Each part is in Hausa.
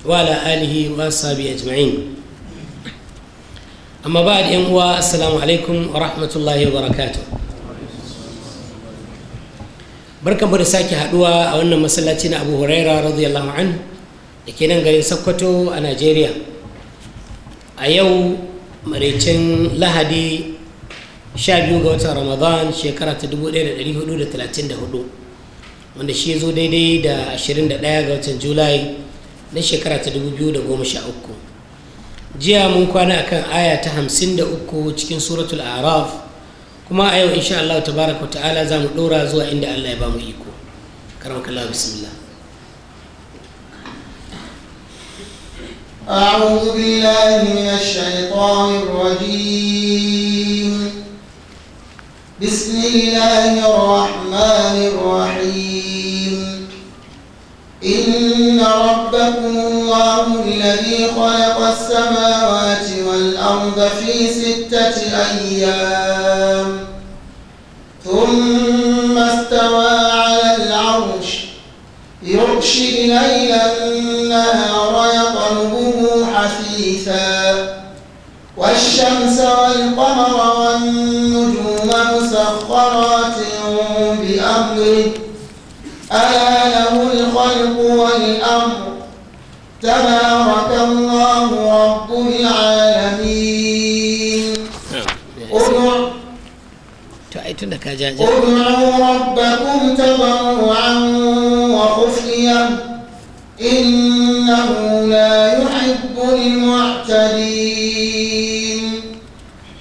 wala alihi wa sabi a jima'in amma ba a ɗin wa asalamu alaikum wa rahmatullahi wa barakatu barka bari sake haɗuwa a wannan matsalaci abu huraira radiyallahu an da ke nan garin sakkwato a najeriya a yau maraicin lahadi sha biyu ga watan ramadan shekara ta 1434 shi zo daidai da 21 ga watan julai na shekara ta 2013 jiya mun kwana kan aya ta 53 cikin suratul araf kuma a yau insha Allah tabaraka ta'ala za mu ɗora zuwa inda Allah ya ba mu iko karamakallah bismillah أعوذ بالله من الشيطان الرجيم بسم الله الرحمن Yeah. كنتن ادعوا ربكم تضرعا وخفيا إنه لا يحب المعتدين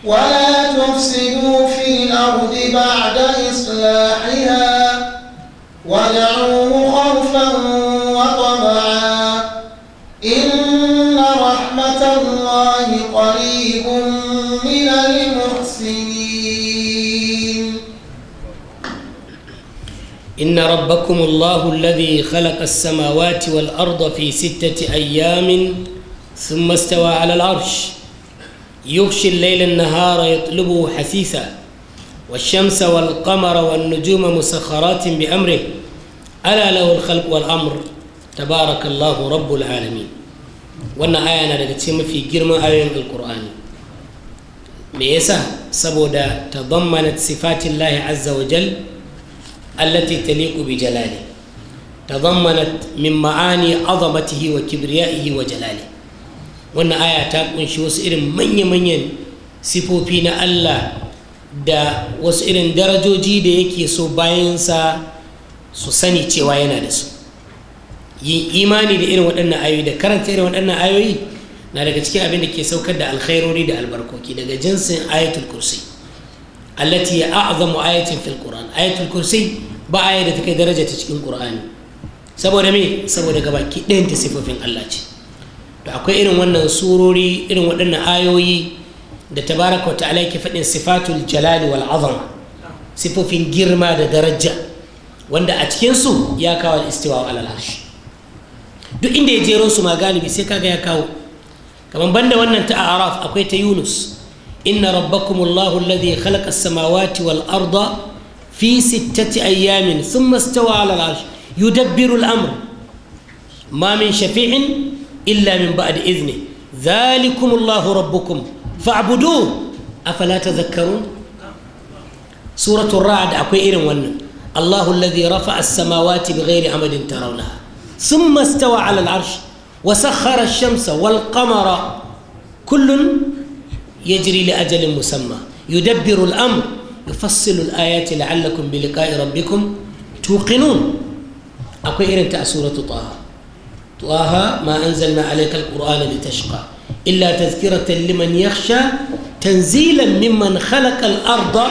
ولا تفسدوا في الأرض بعد إصلاحها ودعوه خوفا وطمعا إن رحمة الله قريبا ربكم الله الذي خلق السماوات والأرض في ستة أيام ثم استوى على العرش يغشي الليل النهار يطلبه حثيثا والشمس والقمر والنجوم مسخرات بأمره ألا له الخلق والأمر تبارك الله رب العالمين وأن aya na في cikin mafi girman ayoyin alkur'ani me yasa saboda tadammanat التي تليق بجلاله تضمنت من معاني عظمته وكبريائه وجلاله wannan aya ta kunshi wasu irin manya-manyan sifofi na Allah da wasu irin darajoji da yake so bayansa su sani cewa yana da su yin imani da irin waɗannan ayoyi da karanta irin waɗannan ayoyi na daga cikin abin da ke saukar da alkhairori da albarkoki daga jinsin ayatul kursi allati a'zamu ayatin fil qur'an ayatul kursi ba'a aya da take daraja ta kur'ani qur'ani saboda me saboda gabaki ɗayan sifofin Allah ce to akwai irin wannan surori irin waɗannan ayoyi da tabaraka ta'ala ke faɗin sifatul jalali wal azama sifofin girma da daraja wanda a cikin su ya kawo istiwa alal arshi duk inda ya jero su ma galibi sai kaga ya kawo kamar banda wannan ta araf akwai ta yunus إن ربكم الله الذي خلق السماوات والأرض في ستة أيام ثم استوى على العرش يدبر الأمر ما من شفيع إلا من بعد إذنه ذلكم الله ربكم فاعبدوه أفلا تذكرون سورة الرعد أكوئر ون الله الذي رفع السماوات بغير عمد ترونها ثم استوى على العرش وسخر الشمس والقمر كل يجري لأجل مسمى يدبر الأمر يفصل الآيات لعلكم بلقاء ربكم توقنون أكو إرن سورة طه طه ما أنزلنا عليك القرآن لتشقى إلا تذكرة لمن يخشى تنزيلا ممن خلق الأرض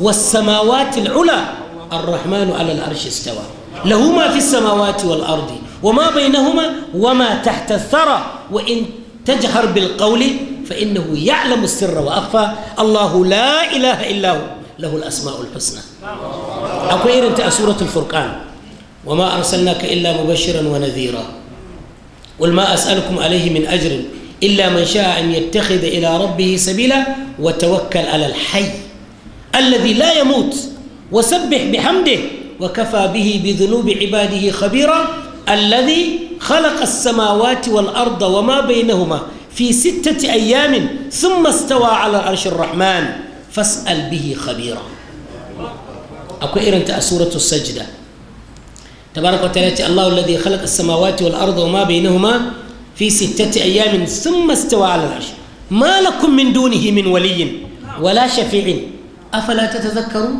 والسماوات العلى الرحمن على العرش استوى له ما في السماوات والأرض وما بينهما وما تحت الثرى وإن تجهر بالقول فإنه يعلم السر وأخفى الله لا إله إلا هو له الأسماء الحسنى أكو أنت سورة الفرقان وما أرسلناك إلا مبشرا ونذيرا قل ما أسألكم عليه من أجر إلا من شاء أن يتخذ إلى ربه سبيلا وتوكل على الحي الذي لا يموت وسبح بحمده وكفى به بذنوب عباده خبيرا الذي خلق السماوات والأرض وما بينهما في ستة أيام ثم استوى على عرش الرحمن فاسأل به خبيرا أكو إيران سورة السجدة تبارك وتعالى الله الذي خلق السماوات والأرض وما بينهما في ستة أيام ثم استوى على العرش ما لكم من دونه من ولي ولا شفيع أفلا تتذكرون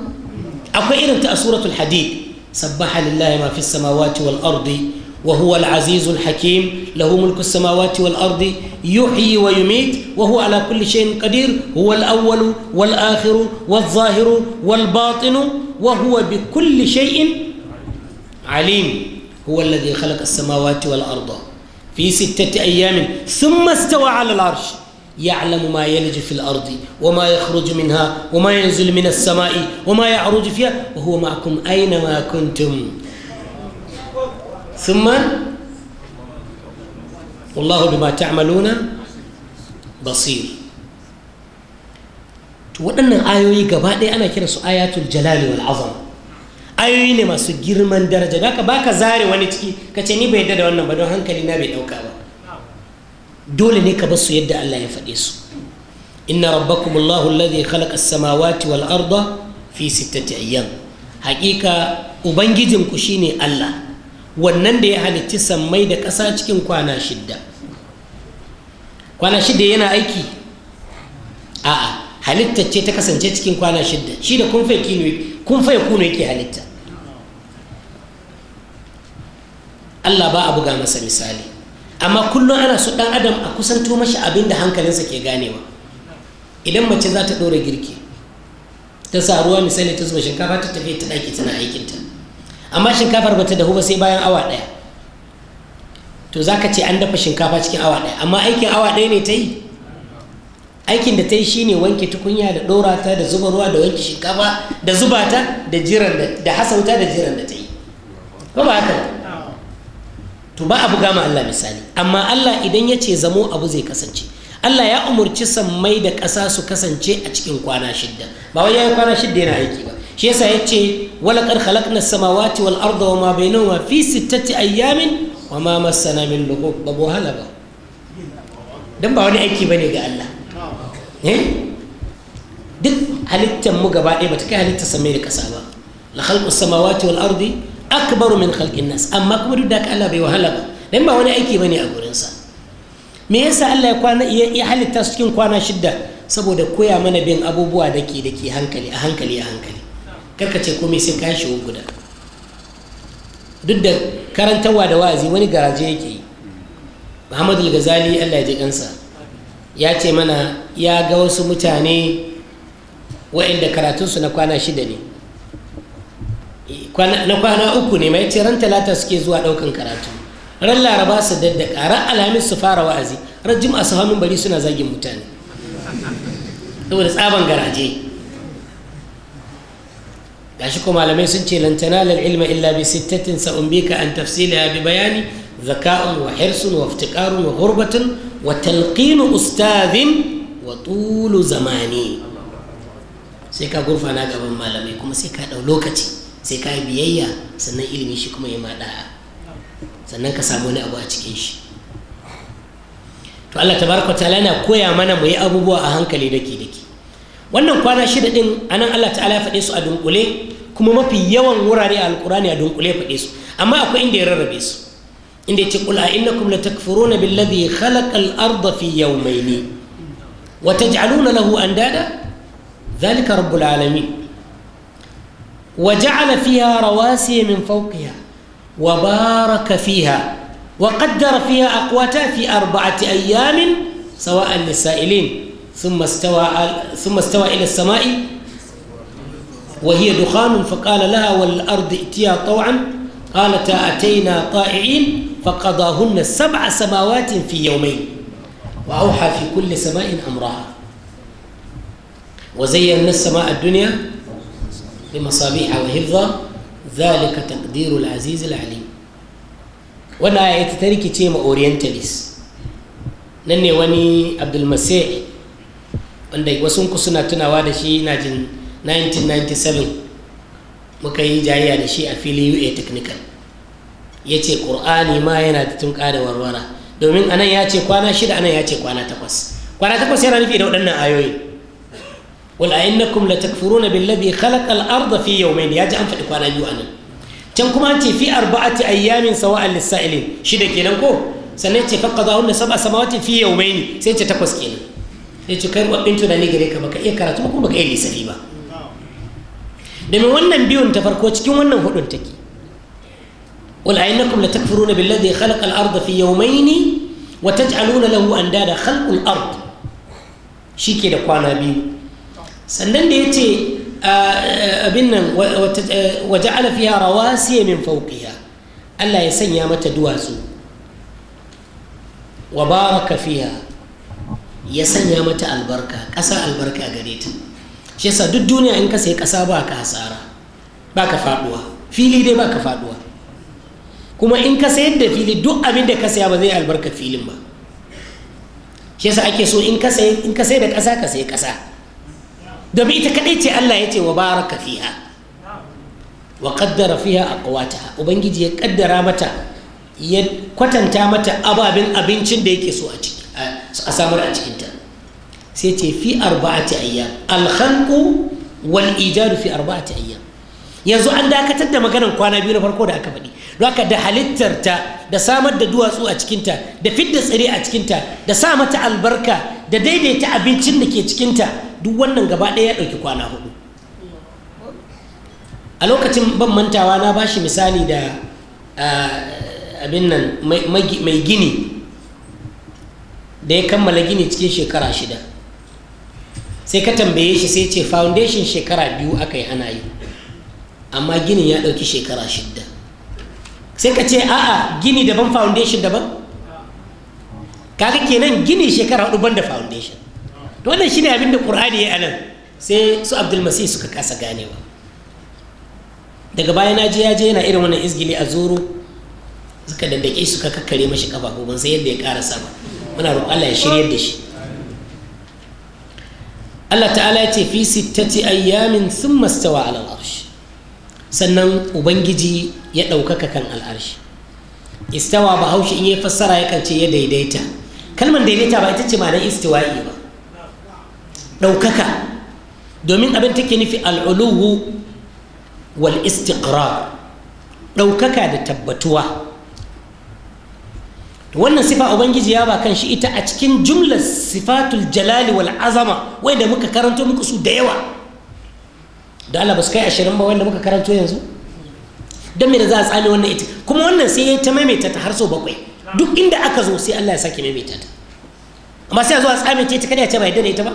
أكو إيران سورة الحديد سبح لله ما في السماوات والأرض وهو العزيز الحكيم له ملك السماوات والأرض يحيي ويميت وهو على كل شيء قدير هو الأول والآخر والظاهر والباطن وهو بكل شيء عليم هو الذي خلق السماوات والأرض في ستة أيام ثم استوى على العرش يعلم ما يلج في الأرض وما يخرج منها وما ينزل من السماء وما يعرج فيها وهو معكم أينما كنتم ثم والله بما تعملون basir to waɗannan ayoyi gaba ɗaya ana kira su ayatul jalali wal azam ayoyi ne masu girman daraja da baka zare wani ciki ka ce ni bai yadda da wannan ba don hankali na bai ɗauka ba dole ne ka su yadda Allah ya faɗe su inna rabbakum allahu alladhi khalaqa as-samawati wal arda fi sittati ayyam ubangijin ku shine Allah wannan da ya halicci sammai da ƙasa cikin kwana shidda kwana shidda yana aiki a'a halittar ce ta kasance cikin kwana shidda shi da kun fai kuno yake halitta Allah ba a buga masa misali amma kullum ana su ɗan adam a kusanto mashi abin da hankalinsa ke ganewa idan mace za ta ɗora girki ta sa ruwa misali ta zuba shinkafa ta tafi ta ɗaki tana aikinta amma shinkafar bata dahu ba sai bayan awa ɗaya to za ka ce an dafa shinkafa cikin awa ɗaya amma aikin awa ɗaya ne ta yi aikin da ta yi shine wanke tukunya da ɗora ta da zuba ruwa da wanke shinkafa da zuba ta da jiran da hasauta da jiran da ta yi ba ba haka to ba abu gama Allah misali amma Allah idan ya ce zamo abu zai kasance Allah ya umurci sammai da ƙasa su kasance a cikin kwana shidda ba wai ya yi kwana shidda yana aiki ba shi yasa ya ce walaƙar halakna samawati wal arda wa ma ma fi sittati ayyamin wa ma masana min lughub ba hala ba dan ba wani aiki bane ga Allah eh? duk halittar mu gaba ɗaya bata kai halittar samai da ƙasa ba la khalqu samawati wal ardi akbaru min khalqin nas amma kuma duk da Allah bai wahala ba dan ba wani aiki bane a gurin sa me yasa Allah ya kwana ya halitta cikin kwana shidda saboda koya mana bin abubuwa dake dake hankali a hankali a hankali karka ce komai sai kayan shi guda duk da karantarwa da wa'azi wani garaje yake yi muhammadu gazali allah ya kansa ya ce mana ya ga wasu mutane wa'inda karatunsu na kwana shida ne na kwana uku ne mai ce ran talata suke zuwa ɗaukan karatu ran laraba su daddaka ran alhamis su fara wa'azi ran jim'a su hannun bari suna zagin mutane saboda tsaban garaje gashi ko malamai sun ce lantana lal ilma illa bi sittatin sa umbika an tafsila bi bayani zaka'un wa hirsun wa iftiqarun wa hurbatun wa talqinu ustazin wa tulu zamani sai ka gurfana gaban malamai kuma sai ka ɗau lokaci sai ka yi biyayya sannan ilimi shi kuma ya maɗa sannan ka samu wani abu a cikin shi to Allah tabaraka ta'ala yana koya mana mu yi abubuwa a hankali daki daki wannan kwana shida din anan Allah ta'ala ya faɗe su a dunkule kuma mafi yawan wurare a alkurani a dunkule faɗe su amma akwai inda ya rarrabe su inda ya ce qul a innakum latakfuruna billadhi khalaqa al-ardha fi yawmayni wa taj'aluna lahu andada dhalika rabbul alamin wa ja'ala fiha rawasiya min fawqiha wa baraka fiha wa qaddara fiha aqwata fi arba'ati ثم استوى ثم استوى إلى السماء وهي دخان فقال لها والأرض اتيا طوعا قالت أتينا طائعين فقضاهن سبع سماوات في يومين وأوحى في كل سماء أمرها وزينا السماء الدنيا بمصابيح وحفظا ذلك تقدير العزيز العليم وانا ya آية ita اورينتاليس نني ma عبد المسيح wanda wasunku suna tunawa da shi na jin 1997 muka yi jayayya da shi a fili ua technical ya ce ƙur'ani ma yana da tunƙa da warwara domin nan ya ce kwana shida a nan ya ce kwana takwas kwana takwas yana nufi da waɗannan ayoyi wal a'innakum la takfuruna billadhi khalaqa al-ardha fi yawmayn ya ji an faɗi kwana biyu a nan. can kuma an ce fi arba'ati ayyamin sawa'an lis-sa'ilin shida kenan ko sannan ce faqadahunna sab'a samawati fi yawmayn sai ce takwas kenan ya ce kai rubabin tunani gare ka baka iya karatu ba kuma baka iya lissafi ba domin wannan biyun ta farko cikin wannan hudun take wal ainakum la takfuruna billadhi khalaqa al-ardha fi yawmayni wa taj'aluna lahu andada khalqul ard shike da kwana biyu sannan da yace abin nan wa ja'ala fiha rawasiya min fawqiha Allah ya sanya mata duwatsu wa baraka fiha ya sanya mata albarka ƙasa albarka gare ta shi yasa duk duniya in ka sai ƙasa ba ka hasara ba ka faɗuwa fili dai ba ka faɗuwa kuma in ka sayar da fili duk abin da ka saya ba zai albarka filin ba shi yasa ake so in ka sai da ƙasa ka sayi ƙasa domin ita kaɗai ce Allah ya ce wa baraka fiha wa qaddara fiha aqwataha ubangiji ya kaddara mata ya kwatanta mata ababen abincin da yake so a ciki a samar a cikinta sai ce fi arba'ati ayyam alhanku wal ijadu fi arba'ati ayyam yanzu an dakatar da maganar kwana biyu na farko da aka faɗi don haka da halittar ta da samar da duwatsu a cikinta da fidda tsire a cikinta da sa mata albarka da daidaita abincin da ke cikinta duk wannan gaba ɗaya ya ɗauki kwana hudu a lokacin ban mantawa na ba shi misali da ah, abin nan mai gini da ya kammala gini cikin shekara shida sai ka tambaye shi sai ce foundation shekara biyu aka yi ana yi amma gini ya ɗauki shekara shida sai ka ce a'a gini daban foundation daban kaga kenan gini shekara hudu banda foundation to wannan shine abin da qur'ani ya anan sai su abdul masih suka kasa ganewa daga baya na je ya je yana irin wannan izgili a zuru suka dandake suka kakkare mashi kafa ko sai yadda ya karasa ba muna roƙon Allah ya shiryar da shi Allah ta'ala ya ce fi sittati ayyamin sun mastawa alal arshi sannan ubangiji ya ɗaukaka kan al'arshi istawa ba haushi in ya fassara yakan ce ya daidaita kalmar daidaita ba ita ce ma istiwa'i ba ɗaukaka domin abin take nufi al'uluhu wal istiqrar ɗaukaka da tabbatuwa wannan sifa ubangiji ya ba kan shi ita a cikin jumlar sifatul jalali wal azama wanda muka karanto muku su da yawa da Allah ba su kai 20 ba wanda muka karanto yanzu don me da za a tsale wannan ita kuma wannan sai ya ta maimaita ta har sau bakwai duk inda aka zo sai Allah ya sake maimaita ta amma sai a zo a tsame ta kada ya ce ba dane da ita ba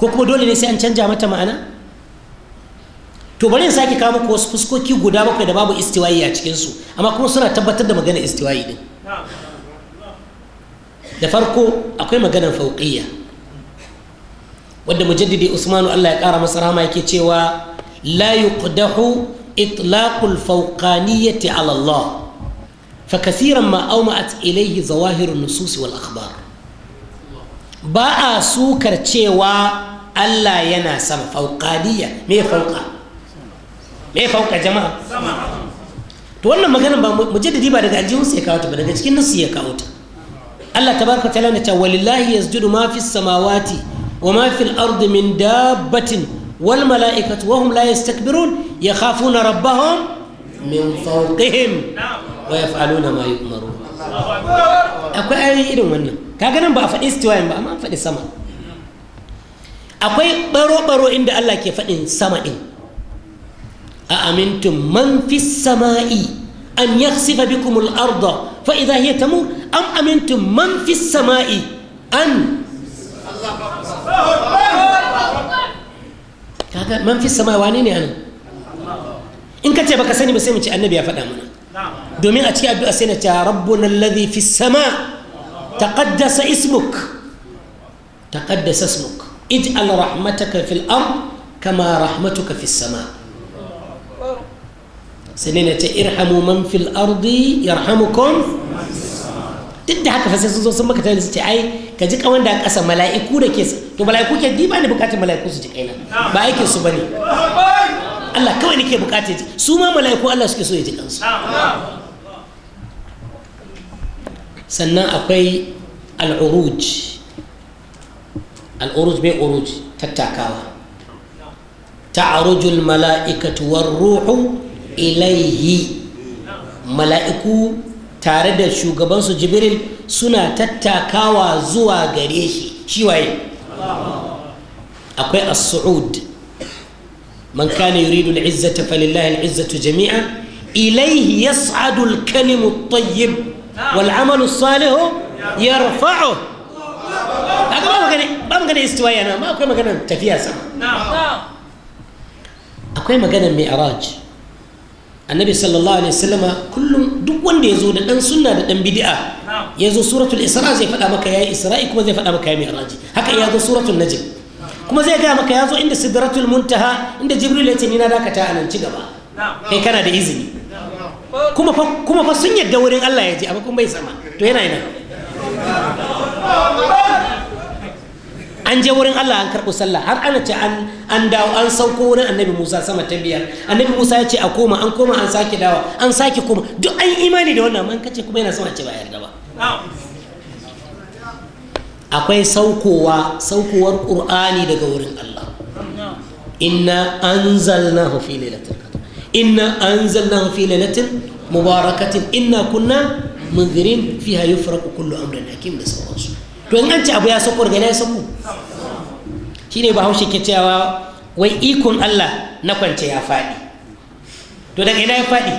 ko kuma dole ne sai an canja mata ma'ana to bari in sake kawo muku wasu fuskoki guda bakwai da babu istiwayi a cikinsu amma kuma suna tabbatar da magana istiwayi din da farko akwai maganar fauƙiyya wadda mujaddidi usmanu allah ya ƙara masa rahama yake cewa la yuqdahu itlaqul fauƙaniyyati alallah allah fa kasiran ma awma'at ilayhi zawahirun nusus wal akhbar ba a sukar cewa allah yana sama fauqaniyya me fauqa me jama'a to wannan maganar ba mujaddidi ba daga aljihun ya kawo ta ba daga cikin nasu ya kawo ta Allah ta walillahi yasjudu ma fis samawati wa ma min dabbatin wal mala'ikatu wa hum la yastakbirun yakhafuna rabbahum min fawqihim wa yaf'aluna ma yu'marun akwai ayoyi irin wannan kaga nan ba a faɗi istiwayin ba amma faɗi sama akwai baro-baro inda Allah ke faɗin sama ɗin أأمنتم من في السماء أن يخسف بكم الأرض فإذا هي تموت أم أمنتم من في السماء أن هذا من في السماء وانيني أنا إن كتب كسني بسيمة النبي أفدا منا دومي أتي أبدو يا ربنا الذي في السماء تقدس اسمك تقدس اسمك اجعل رحمتك في الأرض كما رحمتك في السماء sai ce irhamu man fil ardi yarhamukum duk da haka fa sun zo sun maka tare su ce ai ka ji kawan da ƙasa mala'iku da ke to mala'iku ke diba ne bukatar mala'iku su ji kaina ba aikin su bane Allah kawai ke bukatar su ma mala'iku Allah suke so ya ji kansu sannan akwai al'uruj al'uruj bai uruj tattakawa ta'arujul mala'ikatu war ruhu ilaihi mala'iku tare da shugabansu jibril suna tattakawa zuwa gare shi shi waye akwai as-su'ud man kana yuridu al-izzata falillahi al-izzatu jami'a ilayhi yas'adu al-kalimu at-tayyib wal 'amalu as-salihu yarfa'u haka ba magana ba magana istiwaya na ma akwai magana tafiya sa, akwai magana mi'raj annabi sallallahu alaihi wasallama kullum duk wanda ya zo da dan sunna da dan bid'a ya zo suratul isra zai faɗa maka yayi isra'i kuma zai faɗa maka yayi mi'raji haka ya zo suratul najm kuma zai ga maka ya zo inda sidratul muntaha inda jibril ya ce ni na dakata anan ci gaba kai kana da izini kuma fa kuma fa sun yadda wurin Allah ya je amma kun bai sama to yana yana. an je wurin Allah an karɓi sallah har ana ce an dawo an sauko wurin annabi Musa sama ta biyar annabi Musa ya ce a koma an koma an sake dawa an sake koma duk an yi imani da wannan man kace kuma yana son a ce ba yarda ba akwai saukowa saukowar Qur'ani daga wurin Allah inna anzalnahu fi lailatul qadr inna anzalnahu fi lailatin mubarakatin inna kunna munzirin fiha yufraqu kullu amrin hakim da sauransu to in an ce abu ya sauko daga ya sauko shine bahaushe ke cewa wai ikon Allah na kwance ya faɗi to daga ina ya faɗi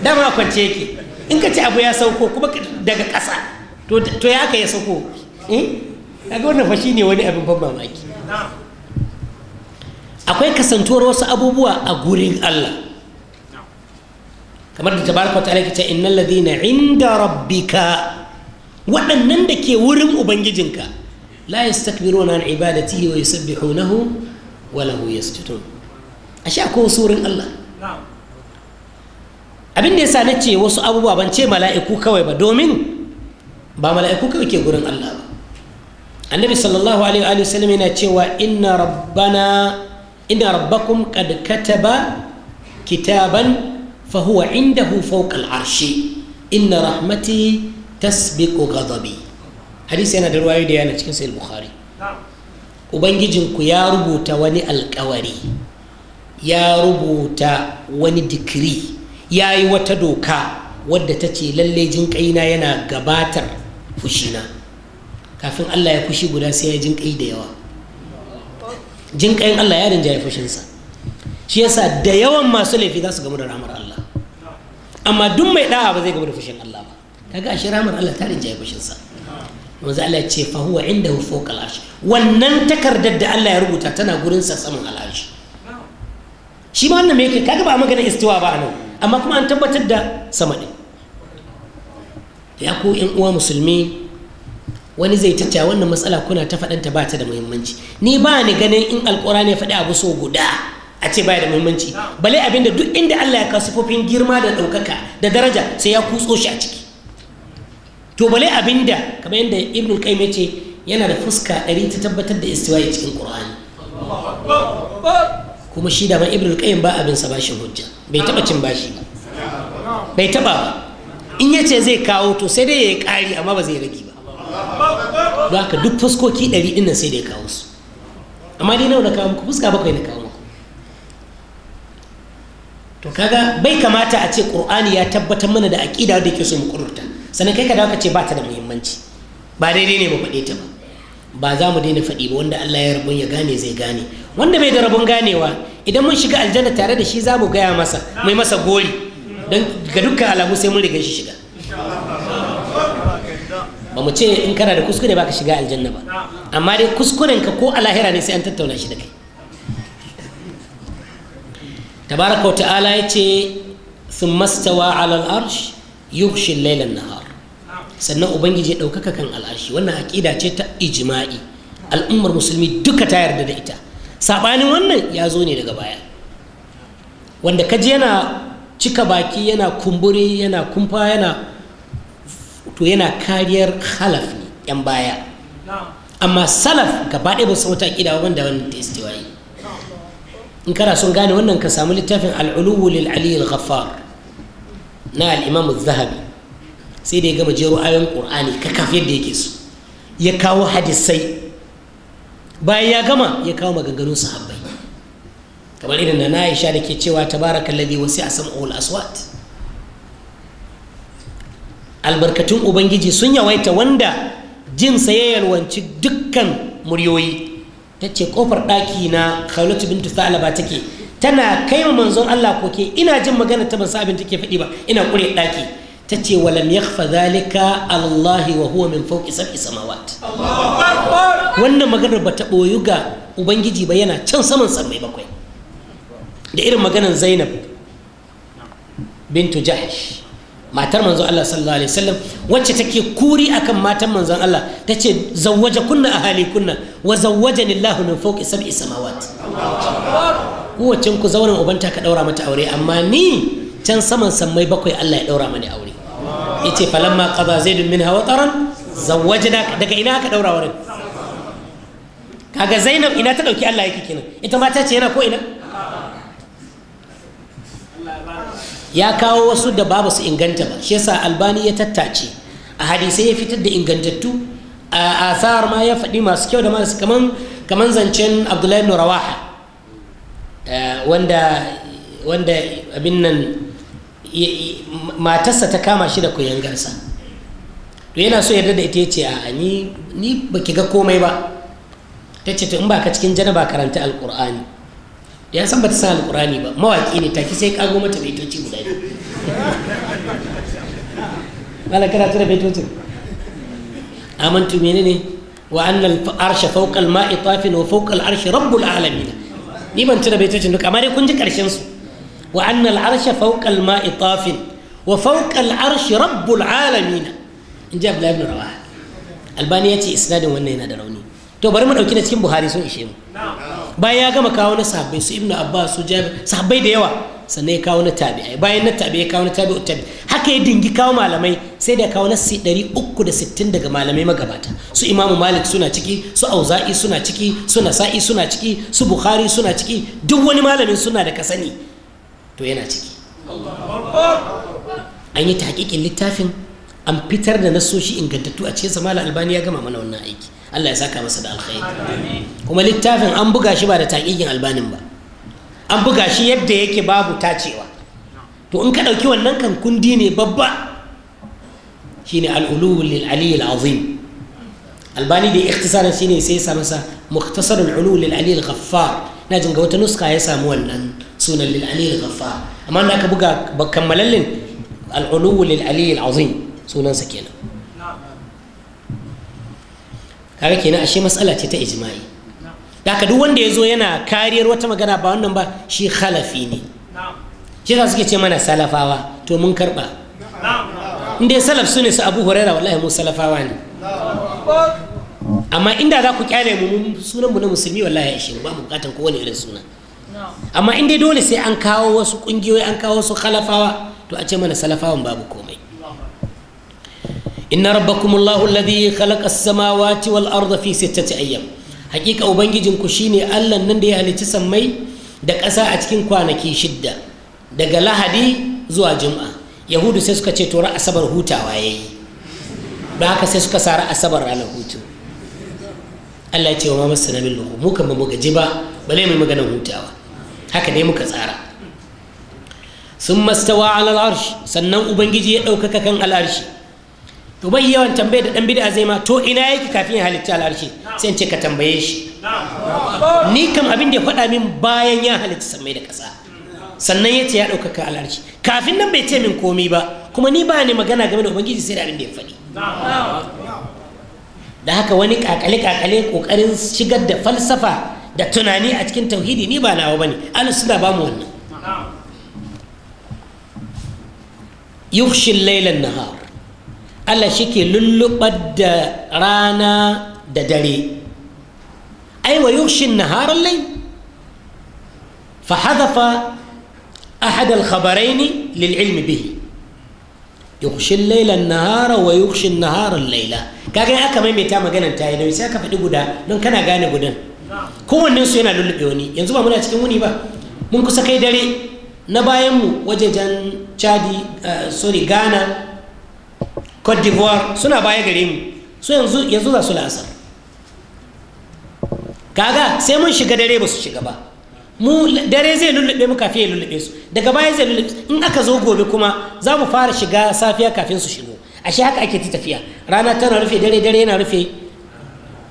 dama a kwance yake in ka ce abu ya sauko kuma daga ƙasa to ya aka ya sauko eh daga wannan fashi ne wani abin ban mamaki akwai kasantuwar wasu abubuwa a gurin Allah kamar da tabaraka ta'ala ke ce innal ladina inda rabbika waɗannan da ke wurin ubangijinka la yastakbiruna an ibadatihi wa yusabbihunahu wa lahu yasjudun ashe akwai surin Allah abin da yasa wasu abubuwa ban ce mala'iku kawai ba domin ba mala'iku kawai ke gurin Allah ba annabi sallallahu alaihi wa sallam yana cewa inna rabbana inna rabbakum qad kataba kitaban fa huwa indahu fawqa al-arshi inna rahmati tasbiqu ghadabi hadisi yana da ruwayo da yana cikin sahih bukhari ubangijinku ya rubuta wani alkawari ya rubuta wani dikiri ya yi wata doka wadda ta ce lalle jin kaina yana gabatar fushina kafin allah ya fushi guda sai ya jin kai da yawa jin kayan allah ya rinjaye fushinsa shi yasa da yawan masu laifi za su gamu da ramar allah amma duk mai da'a ba zai gamu da fushin allah ba kaga ashe ramar allah ta rinjaye fushinsa manzo Allah ya ce fa huwa indahu fawqa al'ash, wannan takardar da Allah ya rubuta tana gurin sa saman al'ash shi ma wannan me yake kaga ba magana istiwa ba anan amma kuma an tabbatar da sama din ya ku in uwa musulmi wani zai tacca wannan matsala kuna ta faɗanta ba bata da muhimmanci ni ba ni ganin in alkurani ya faɗi abu so guda a ce baya da muhimmanci balai abinda duk inda Allah ya kawo sifofin girma da ɗaukaka da daraja sai ya kutso shi a ciki to bale abinda kamar yadda ibn qayyim yace yana da fuska ɗari ta tabbatar da istiwa'i cikin qur'ani kuma shi da ma ibn qayyim ba abin sa shi hujja bai taba cin bashi ba bai taba ba in yace zai kawo to sai dai ya kari amma ba zai rage ba haka duk fuskoki ɗari ɗin nan sai da ya kawo su amma dai nawa na kawo muku fuska bakwai na kawo muku to kaga bai kamata a ce qur'ani ya tabbatar mana da aqida da yake so mu kururta sannan kai ka dawo ka ce ba ta da muhimmanci ba daidai ne mu faɗe ta ba ba za mu daina faɗi ba wanda Allah ya rabon ya gane zai gane wanda bai da rabon ganewa idan mun shiga aljanna tare da shi za mu gaya masa mai masa gori don ga dukkan alamu sai mun riga shi shiga ba mu ce in kana da kuskure ba ka shiga aljanna ba amma dai kuskuren ka ko lahira ne sai an tattauna shi da kai tabaraka ta'ala ya ce sun mastawa alal arsh yughshi laylan nahar sannan ubangiji ya ɗaukaka kan al'arshi wannan aƙida ce ta ijima'i al'ummar musulmi duka ta yarda da ita saɓanin wannan ya zo ne daga baya wanda kaji yana cika baki yana kumburi yana kumfa yana to yana kariyar halaf ne yan baya amma salaf gaba ɗaya ba su wata aƙida wanda wannan ta istiwayi in kana son gane wannan ka samu littafin al'uluwu lil ali ghaffar na al zahabi sai da ya gama jero ayoyin qur'ani kakaf yadda yake so ya kawo hadisai bayan ya gama ya kawo maganganun sahabbai kamar irin na Aisha da ke cewa tabarakallazi wasu a sama sam'ul aswat albarkatun ubangiji sun yawaita wanda jin ya yalwanci dukkan muryoyi ta ce kofar ɗaki na khawlatu bintu thalaba take tana kai manzon Allah koke ina jin magana ta ban abin take faɗi ba ina kure ɗaki ta ce walam yakhfa zalika alallahi wa huwa min fawqi sab'i samawat wannan maganar bata boyu ga ubangiji ba yana can saman sammai bakwai da irin maganar Zainab bintu Jahash matar manzon Allah sallallahu alaihi wasallam wacce take kuri akan matan manzon Allah tace zawwaja kunna ahali kunna wa zawwajani Allahu min fawqi sab'i samawat kowace ku zauren ubanta ka daura mata aure amma ni can saman sammai bakwai Allah ya daura mani aure yace falamma qada zaidun minha wataran zawwajna daga ina aka daura wurin kaga zainab ina ta dauki Allah yake kenan ita ma ta ce yana ko ina ya kawo wasu da babu su inganta ba shi yasa albani ya tattace a hadisai ya fitar da ingantattu a asar ma ya faɗi masu kyau da masu kaman kaman zancen abdullahi ibn rawaha eh, wanda wanda abin nan matarsa ta kama shi da kuyangarsa to yana so yarda da ita ce a ni ni baki ga komai ba ta ce to in baka cikin janaba karanta alqur'ani ya san bata san alqur'ani ba mawaki ne taki sai kago mata baitoci guda ne mala karatu da baitocin amantu menene wa annal arsha fawqa al-ma'i tafin wa fawqa al-arshi rabbul alamin ni ban tuna baitocin duk amma dai kun ji karshen su wa anna al'arsha fawqa al-ma'i tafin wa fawqa al-arshi rabbul alamin in ji Abdullahi ibn Rawaha Albani ya ce isnadin wannan yana da rauni to bari mu dauki na cikin Buhari sun ishe mu bayan ya gama kawo na sahabbai su Ibnu Abbas su Jabir sahabbai da yawa sannan ya kawo na tabi'ai bayan na tabi'ai ya kawo na tabi'u tabi haka ya dingi kawo malamai sai da kawo na 360 daga malamai magabata su Imamu Malik suna ciki su Auza'i suna ciki su Nasa'i suna ciki su Bukhari suna ciki duk wani malamin suna da kasani to yana ciki an yi hakikin littafin an fitar da nasoshi ingantattu a cikin samala albani ya gama mana wannan aiki Allah ya saka masa da alkhairi kuma littafin an buga shi ba da taƙiƙin albanin ba an buga shi yadda yake babu tacewa to in ka ɗauki wannan kan kundi ne babba shine al'ulu lil aliyyil azim albani da ikhtisarin shine sai ya sa masa muktasarul ulu lil ghaffar na jin ga wata nuska ya samu wannan sunan lil aliyil ghaffar amma da aka buga kammalallin al'ulu lil aliyil azim sunansa kenan kaga kenan ashe matsala ce ta ijma'i da haka duk wanda ya zo yana kariyar wata magana ba wannan ba shi khalafi ne shi za suke ce mana salafawa to mun karba inda ya salaf su ne su abu huraira wallahi mu salafawa ne amma inda za ku kyale mu sunan mu na musulmi wallahi ya ishe ba mu bukatan kowane irin suna amma in dai dole sai an kawo wasu kungiyoyi an kawo wasu khalafawa to a ce mana salafawan babu komai inna rabbakumullahu alladhi khalaqa as-samawati wal arda fi sittati ayyam ubangijin ku shine Allah nan da ya halicci sammai da ƙasa a cikin kwanaki shidda daga lahadi zuwa juma'a yahudu sai suka ce to asabar hutawa ya yi ba haka sai suka sara asabar ranar hutu allah ya ce wa ma masu namin mu kan ba mu gaji ba bale mai maganar hutawa haka dai muka tsara sun mastawa alal sannan ubangiji ya ɗaukaka kan al'arshi to bai yawan tambaye da ɗan bida zai ma to ina yake kafin ya halitta al'arshi sai ce ka tambaye shi ni kam abin da ya faɗa min bayan ya halitta sammai da ƙasa sannan ya ce ya ɗaukaka al'arshi kafin nan bai ce min komi ba kuma ni ba ne magana game da ubangiji sai da abin da ya faɗi da haka wani kakale-kakale ƙoƙarin shigar da falsafa da tunani a cikin tauhidi ni ba nawa bane ahlus suna ba mu wannan yughshi al-layla nahar Allah shike lullubar da rana da dare ai wa yughshi an-nahara al-layl fa hadafa ahad al-khabarayn lil-ilm bihi yughshi al-layla an-nahara wa yughshi an-nahara al-layla kaga aka maimaita maganar ta yi sai aka faɗi guda don kana gane gudan kowannen su yana lullube wani yanzu ba muna cikin wuni ba mun kusa kai dare na bayan mu wajejen chadi eh, sorry ghana cote d'ivoire suna baya gare mu su yanzu yanzu za su lasa kaga sai mun shiga dare ba su shiga ba mu dare zai lullube mu kafin ya lullube su daga baya zai lullube in aka zo gobe kuma za mu fara shiga safiya kafin su shigo ashe haka ake ta tafiya rana tana rufe dare dare yana rufe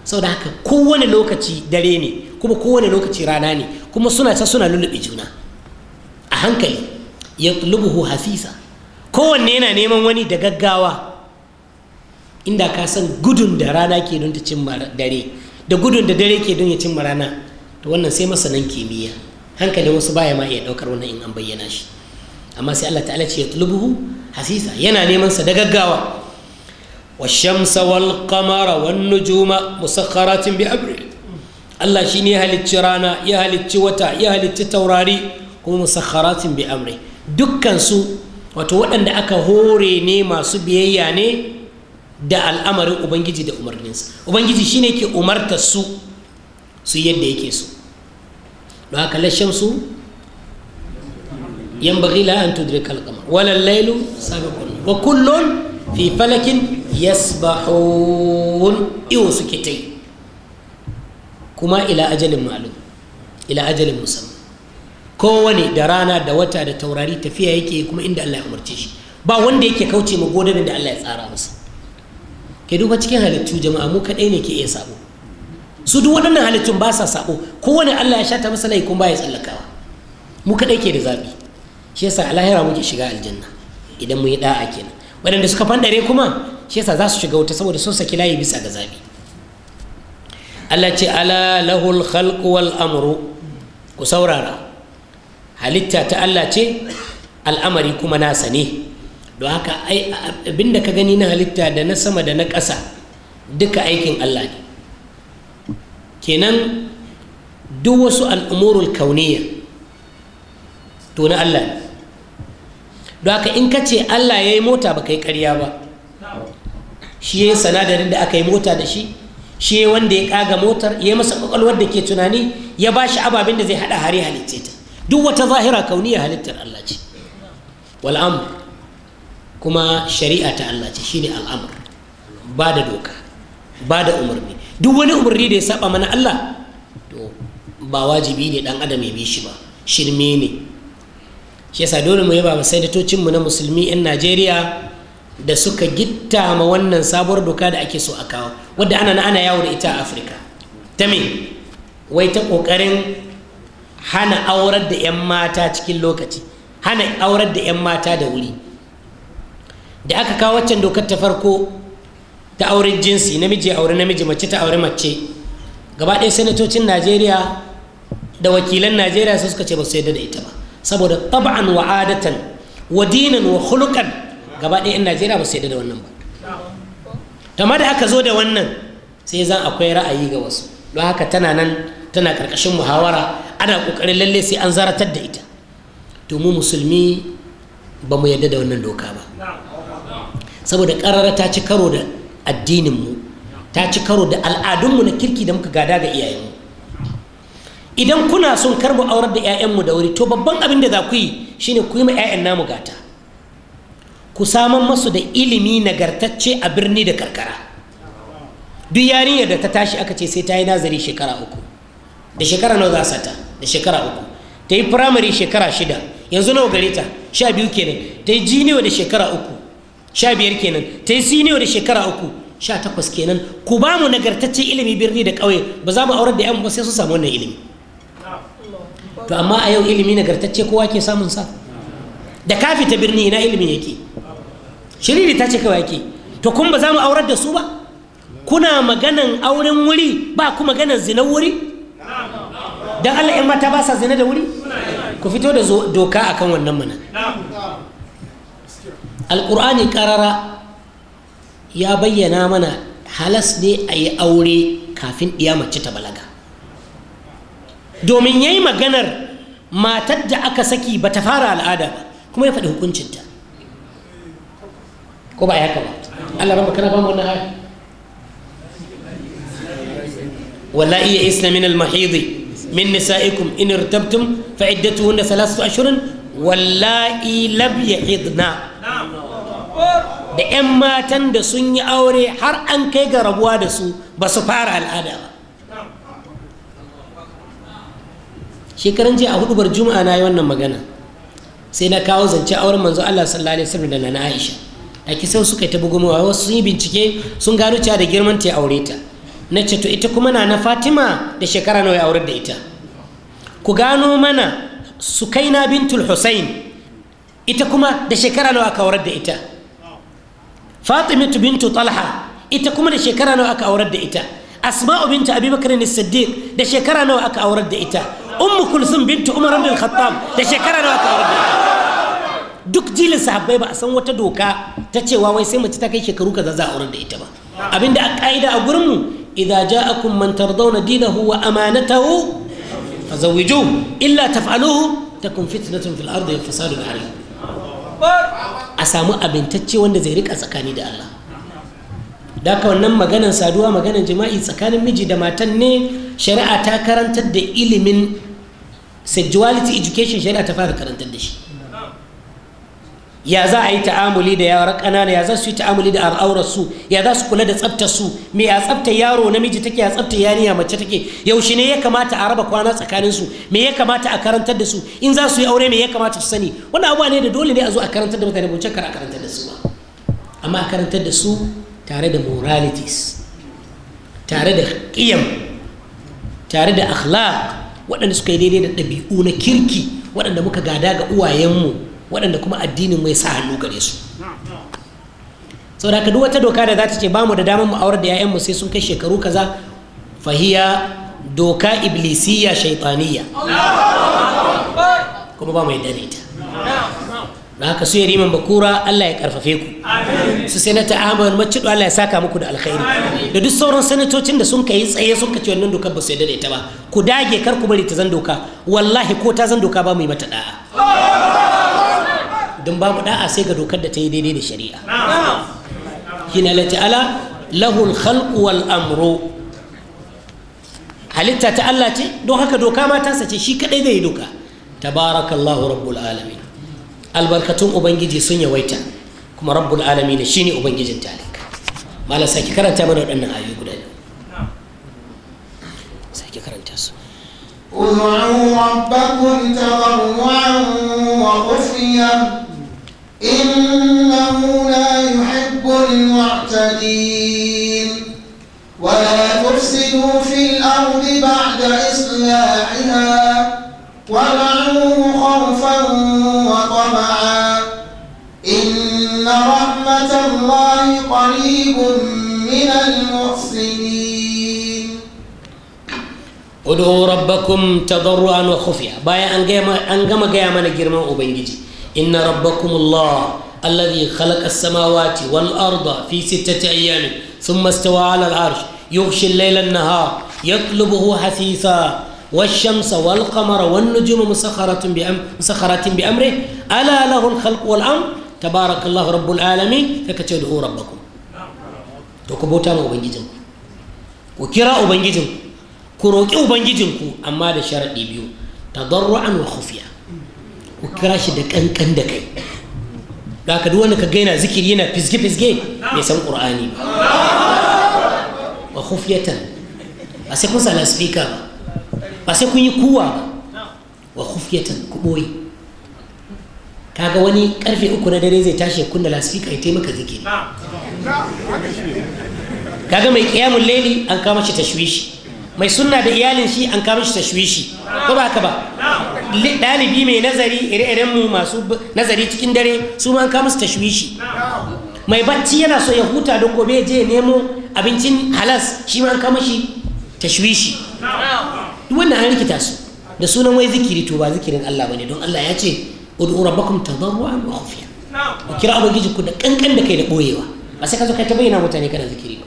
sau da haka kowane lokaci dare ne kuma kowane lokaci rana ne kuma suna ta suna lullube juna a hankali ya lubuhu hafisa kowanne yana neman wani da gaggawa inda ka san gudun da rana ke don ta cimma dare da gudun da dare ke don ya cimma rana to wannan sai masanan kimiyya hankali wasu baya ma iya daukar wannan in an bayyana shi amma sai Allah ta'ala ce ya tulubuhu hasisa yana neman sa da gaggawa والشمس والقمر والنجوم مسخرات بأمره الله شيني هالتي رانا يا هالتي وتا يا هالتي توراري هم مسخرات بأمره دكان سو وتوأن أكا هوري نيما سبيا يعني da al'amarin ubangiji da umarninsa ubangiji shine ke umartar su su yadda yake so don haka lashen su yan bagila an tudrika alkamar walal lailu wa kullun fi falakin yasbahun iwo suke ta yi kuma ila ajalin ma'lum ila ajalin musamman kowane da rana da wata da taurari tafiya yake kuma inda Allah ya umarce shi ba wanda yake kauce ma godanin da Allah ya tsara masa ke duba cikin halittu jama'a mu kaɗai ne ke iya sabo su duk waɗannan halittun ba sa sabo kowane Allah ya shata masa layi kuma ba ya tsallakawa mu kaɗai ke da zaɓi shi yasa alahira lahira muke shiga aljanna idan mu yi ɗa'a kenan waɗanda suka fandare kuma shi yasa za su shiga wuta saboda sun saki layi bisa ga zabi Allah ce ala lahul khalqu wal amru ku saurara halitta ta Allah ce al'amari kuma nasa ne don haka abinda ka gani na halitta da na sama da na ƙasa duka aikin Allah ne kenan duk wasu al'umurul kauniya to na Allah ne don in ka ce allah ya yi mota ba kai karya ba shi ya yi sanadarin da aka yi mota da shi shi ya wanda ya kaga motar ya yi masa kwakwalwar da ke tunani ya ba shi ababen da zai haɗa hari halitta ta duk wata zahira kauniya halittar allah ce wal'amur kuma shari'a ta allah ce shi ne al'amur ba da doka ba da umarni duk wani umarni da ya saba mana allah to ba wajibi ne dan adam ya bi shi ba shirme ne shi yasa dole mu yaba masaidatocinmu mu na musulmi 'yan najeriya da suka gitta ma wannan sabuwar doka da ake so a kawo wadda ana na ana yawo da ita a afirka ta me wai ta kokarin hana aurar da 'yan mata cikin lokaci hana aurar da 'yan mata da wuri da aka kawo waccan dokar ta farko ta auren jinsi namiji aure namiji mace ta aure mace gaba ɗaya sanatocin najeriya da wakilan najeriya sai suka ce ba su yadda da ita ba saboda tab'an wa adatan wa dinan wa khuluqan gaba ɗaya 'yan najeriya ba su yadda da wannan ba amma da aka zo da wannan sai zan akwai ra'ayi ga wasu don haka tana nan tana karkashin muhawara ana kokarin lalle sai an zaratar da ita to mu musulmi ba mu yadda da wannan doka ba saboda karara ta ci karo da addininmu ta ci karo da al'adunmu na kirki da muka gada ga iyayenmu idan kuna son kar aurar da 'ya'yanmu da wuri to babban abin da za ku yi shine ku yi ma 'ya'yan namu gata ku saman masu da ilimi nagartacce a birni da karkara duk yarinyar da ta tashi aka ce sai ta yi nazari shekara uku da shekara nawa za sata da shekara uku ta yi firamare shekara shida yanzu nawa gare ta sha biyu kenan ta yi jiniyo da shekara uku sha biyar kenan ta yi siniyo da shekara uku sha takwas kenan ku ba mu ilimi birni da ƙauye ba za mu aurar da 'yan ba sai su samu wannan ilimi to amma a yau ilimi nagartacce kowa ke samun sa da ka fita birni ina ilimi yake shiriri ta ce kawai ke. to kun ba za mu aurar da su ba kuna maganan auren wuri ba ku maganan zina wuri don allah yan mata ba sa zina da wuri ku fito da doka akan wannan mana alƙur'ani ƙarara ya bayyana mana halas ne a yi aure kafin ɗiya mace ta balaga domin ya yi maganar matar da aka saki ba ta fara al'ada ba kuma ya faɗi hukuncinta ko ba ya kama Allah ba kana ba mu wannan wala iya isna min al-mahidi min nisa'ikum in irtabtum fa iddatuhunna thalathatu wala i lam yahidna da 'yan matan da sun yi aure har an kai ga rabuwa da su ba su fara al'ada ba shekaran jiya a hudubar juma'a na yi wannan magana sai na kawo zance auren manzo Allah sallallahu alaihi wasallam da nana Aisha a kisan suka ta bugumawa wasu sun yi bincike sun gano cewa da girman ta ya aure ta na ce to ita kuma na na Fatima da shekara nawa ya aure da ita ku gano mana Sukaina bintul Husain ita kuma da shekara nawa aka aure da ita Fatimatu bintu Talha ita kuma da shekara nawa aka aure da ita Asma'u bintu Abubakar Bakr as-Siddiq da shekara nawa aka aure da ita ummu kulsum bintu umar bin khattab da shekara nawa ta aure duk jilin sahabbai ba a san wata doka ta cewa wai sai mace ta kai shekaru kaza za a da ita ba abinda a ka'ida a gurin mu idza ja'akum man tardawna dinahu wa amanatahu fazawwijuhu illa taf'aluhu takun fitnatun fil ardi wa fasadun 'arim a samu abintacce wanda zai rika tsakani da Allah daka wannan maganan saduwa maganan jima'i tsakanin miji da matan ne shari'a ta karantar da ilimin sexuality education shari'a ta fara karantar da shi ya za a yi ta'amuli da yawar ƙanana ya za su yi ta'amuli da al'aurar su ya za su kula da tsaftar su me ya tsaftar yaro namiji take ya tsafta yarinya mace take yaushe ne ya kamata a raba kwana tsakanin su me ya kamata a karantar da su in za su yi aure me ya kamata su sani wannan abuwa ne da dole ne a zo a karantar da mutane bauce kar a karantar da su ba amma a karantar da su tare da moralities tare da ƙiyam tare da akhlaq waɗanda suka yi daidai da ɗabi'u na kirki waɗanda muka gada ga uwayenmu waɗanda kuma addinin mai sa hannu gare su sau da duk wata doka da za ta ce ba mu da damar mu da 'ya'yanmu sai sun kai shekaru kaza fahiya doka iblisiya shaitaniya kuma ba mu da da haka su yariman bakura Allah ya karfafe ku su senata Ahmad Macido Allah ya saka muku da alkhairi da duk sauran sanatocin da sun kai tsaye sun kace wannan dokar ba su yarda da ita ba ku dage kar ku bari ta zan doka wallahi ko ta zan doka ba mu yi mata da'a don ba mu da'a sai ga dokar da ta yi daidai da shari'a hina la ta'ala lahul khalqu wal amru halitta ta Allah ce don haka doka ma ta sace shi kadai zai yi doka tabarakallahu rabbul alamin albarkatun ubangiji sun yawaita kuma rabbul alamin shine ubangijin talik mallan saki karanta mana wadannan ayoyi guda biyu saki karanta su uzu'u rabbakum tawwa'u wa khufiya innahu la yuhibbul mu'tadin wa la tufsidu fil ardi ba'da islahiha وضعوه خوفا وطمعا إن رحمة الله قريب من المحسنين ادعوا ربكم تضرعا وخفيا بايا أنقم قيامنا جرمان أبنجي إن ربكم الله الذي خلق السماوات والأرض في ستة أيام ثم استوى على العرش يغشي الليل النهار يطلبه حثيثا والشمس والقمر والنجوم مسخرات بأم مسخرات بأمره ألا له الخلق والأمر تبارك الله رب العالمين فكتدعوا ربكم تكبوتا ما وبنجيجن وكرا وبنجيجن كروكي وبنجيجن كو أما ده شرط بيو تضرعا وخفيا وكرا شدك أن كان دكي da ka duk wanda ka gaina zikiri yana fisge-fisge bai san ƙur'ani ba wa khufiyatan a sai kun sa lasfika ba ba sai kun yi kuwa ba wa kufiyatan ku boye kaga wani karfe uku na dare zai tashi kunna lasfika ya taimaka zikiri kaga mai kiyamun leli an kama shi tashwishi mai sunna da iyalin shi an kama shi tashwishi ko ba ka ba ɗalibi mai nazari ire-iren mu masu nazari cikin dare su ma an kama su tashwishi mai bacci yana so ya huta don gobe je nemo abincin halas shi ma an kama shi tashwishi duk wannan an rikita su da sunan wai zikiri to ba zikirin Allah bane don Allah ya ce ud'u rabbakum tadarruan wa khufiya ku kira ubangiji ku da kankan da kai da boyewa ba sai ka zo kai ta bayyana mutane kana zikiri ba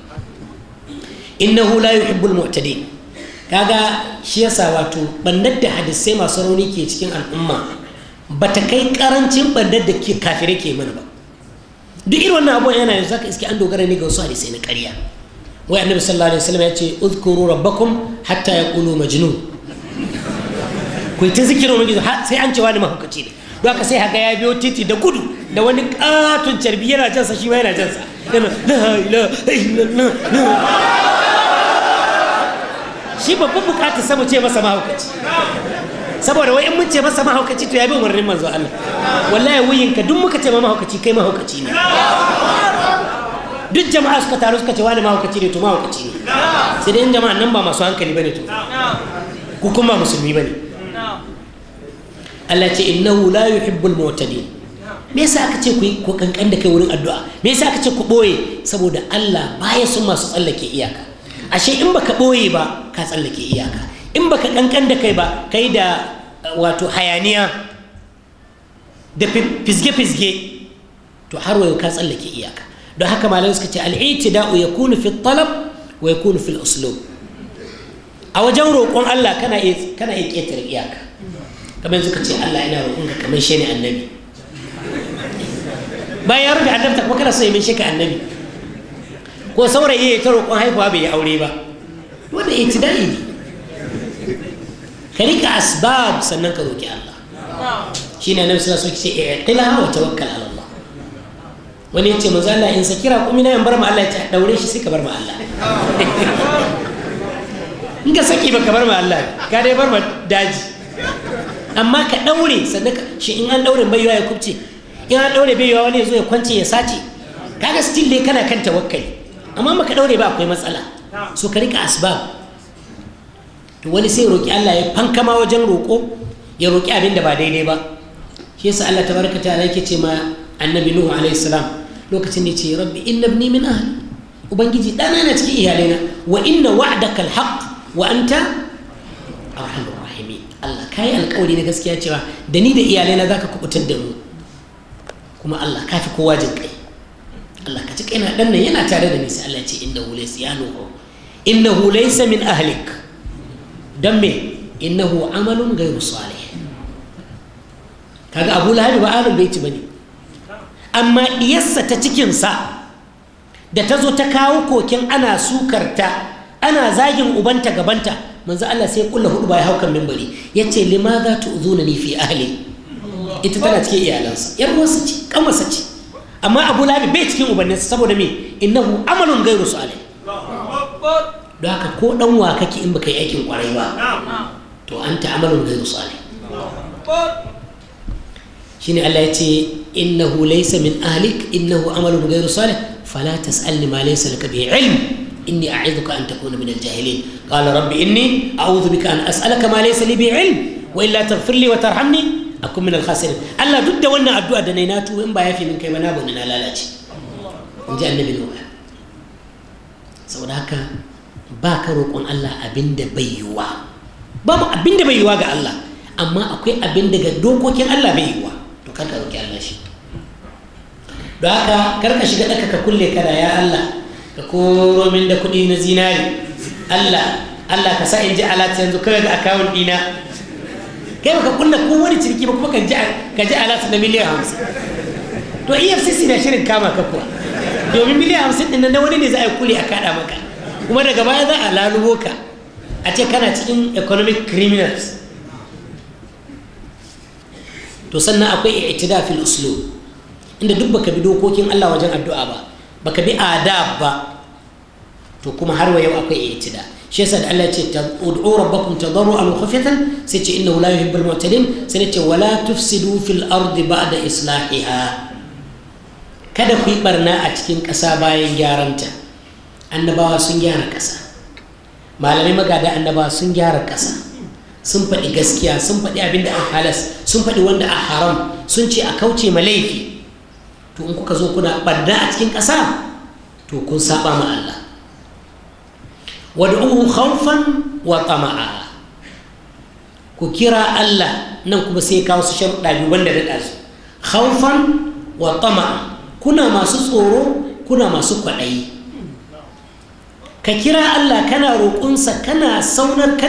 innahu la yuhibbul mu'tadin kaga shi yasa wato bandar da hadisai masu rauni ke cikin al'umma ba ta kai karancin bandar da kafirai ke mana ba duk irin wannan abubuwan yana yanzu zaka iske an dogara ne ga wasu hadisai na ƙarya wai annabi sallallahu alaihi wasallam ya ce uzkuru rabbakum hatta yaqulu majnun ku yi ta zikirin ubangiji sai an ce wani mahaukaci ne don haka sai haka ya biyo titi da gudu da wani katon carbi yana sa shi ma yana sa yana la ilaha illallah shi babban bukatar samu ce masa mahaukaci saboda wai in mun ce masa mahaukaci to ya bi umarnin manzo Allah wallahi wuyinka duk muka ce ma mahaukaci kai mahaukaci ne duk jama'a suka taru suka ce wani mahaukaci ne to mahaukaci ne sai dai jama'a nan ba masu hankali ne to ku kuma musulmi ba ne. Allah ce hu la yuhibbul mawtadi me yasa aka ce ku ko kankan da kai wurin addu'a me yasa aka ce ku boye saboda Allah baya son masu tsallake iyaka ashe in baka boye ba ka tsallake iyaka in baka kankan da kai ba kai da wato hayaniya da fizge-fizge to har wayo ka tsallake iyaka don haka malamai suka ce al'itida'u ya kunu fi talab wa ya kunu fi uslub a wajen roƙon Allah kana iya ƙetare iyaka kamar yanzu ka ce Allah yana roƙon ka kamar shi ne annabi bayan ya rufe annabta kuma kana so ya mishi ka annabi ko saurayi ya ta roƙon haihuwa bai yi aure ba wanda itida'i ne ka rika asbab sannan ka roƙi Allah shine annabi sallallahu alaihi wasallam ya ce ƙila wa tawakkal ala wani ce manzo Allah in saki kuma na yan bar mu Allah ya daure shi sai ka bar mu Allah in ka saki ba ka bar mu Allah ka dai bar mu daji amma ka daure sannan shi in an daure bai ya kubce in an daure bai yawa wani ya zo ya kwance ya sace kaga still dai kana kan tawakkali amma maka daure ba akwai matsala so ka rika asbab to wani sai roki Allah ya fankama wajen roko ya roki abin da ba daidai ba shi yasa Allah tabaraka ta'ala yake ce ma annabi nuhu alaihi salam lokacin da ce rabbi inna ibni min ahli ubangiji dana na cikin iyalaina wa inna wa'daka alhaq wa anta arhamur rahimin Allah kai alƙawari na gaskiya cewa da ni da iyalaina zaka kubutar da mu kuma Allah ka fi kowa jin kai Allah ka ci kai na dan nan yana tare da ni sai Allah ya ce innahu laysa yaluhu innahu laysa min ahlik dan me innahu amalun ghayru salih kaga Abu Lahab ba ahlul bait bane amma iyassa ta cikinsa da ta zo ta kawo kokin ana sukarta ana zagin ubanta gabanta manzo Allah sai kulla hudu bai haukan mimbari yace limadha ni fi ahli ita tana cikin iyalansa yar wasu ce kamarsa ce amma Abu labi bai cikin ubanninsa saboda me innahu amalun ghairu salih don haka ko dan wa kake in baka yi aikin kwarai ba to anta amalun ghairu salih shine Allah yace innahu laysa min ahlik innahu amalu ghayru salih fala tas'alni ma laysa laka bihi ilm inni a'idhuka an takuna min jahilin qala rabbi inni a'udhu bika an as'alaka ma laysa li bihi ilm wa illa taghfir li wa tarhamni akun min al-khasirin Allah duk da wannan addu'a da nayi na tuwo in ba yafi min kai ba na bani na lalace in ji annabi nuhu saboda ba ka roƙon Allah abinda bai yiwuwa ba abinda bai yiwuwa ga Allah amma akwai abin ga dokokin Allah bai yiwuwa to kar ka roƙi shi don haka kar ka shiga ɗaka ka kulle kana ya Allah ka koro min da kuɗi na zinari Allah Allah ka sa in ji alat yanzu kawai ga akawun ɗina kai baka kunna ko wani ciniki ba kuma ka ji ka ji alat na miliyan hamsin to EFCC na shirin kama ka kuwa domin miliyan hamsin ɗin na wani ne za a yi kuli a kaɗa maka kuma daga baya za a lalubo ka a ce kana cikin economic criminals to sannan akwai i'tida fil uslub inda duk baka bi dokokin Allah wajen addu'a ba baka bi adab ba to kuma har wa yau akwai i'tida shi yasa da Allah ya ce ud'u rabbakum tadarruan wa khufyatan sai ce innahu la yuhibbul mu'tadin sai ce wala tufsidu fil ardi ba'da islahiha kada ku yi barna a cikin ƙasa bayan gyaranta annabawa sun gyara ƙasa malamai magada annabawa sun gyara ƙasa sun faɗi gaskiya sun faɗi abin da a halas sun faɗi wanda a haram sun ce a kauce ma laifi to in kuka zo kuna ɓarna a cikin ƙasa to kun saba ma Allah wad'uhu khawfan wa tama'a ku kira Allah nan kuma sai kawo su sharuɗa biyu wanda da ɗazu khawfan wa tama'a kuna masu tsoro kuna masu kwaɗayi ka kira Allah kana roƙunsa kana saunar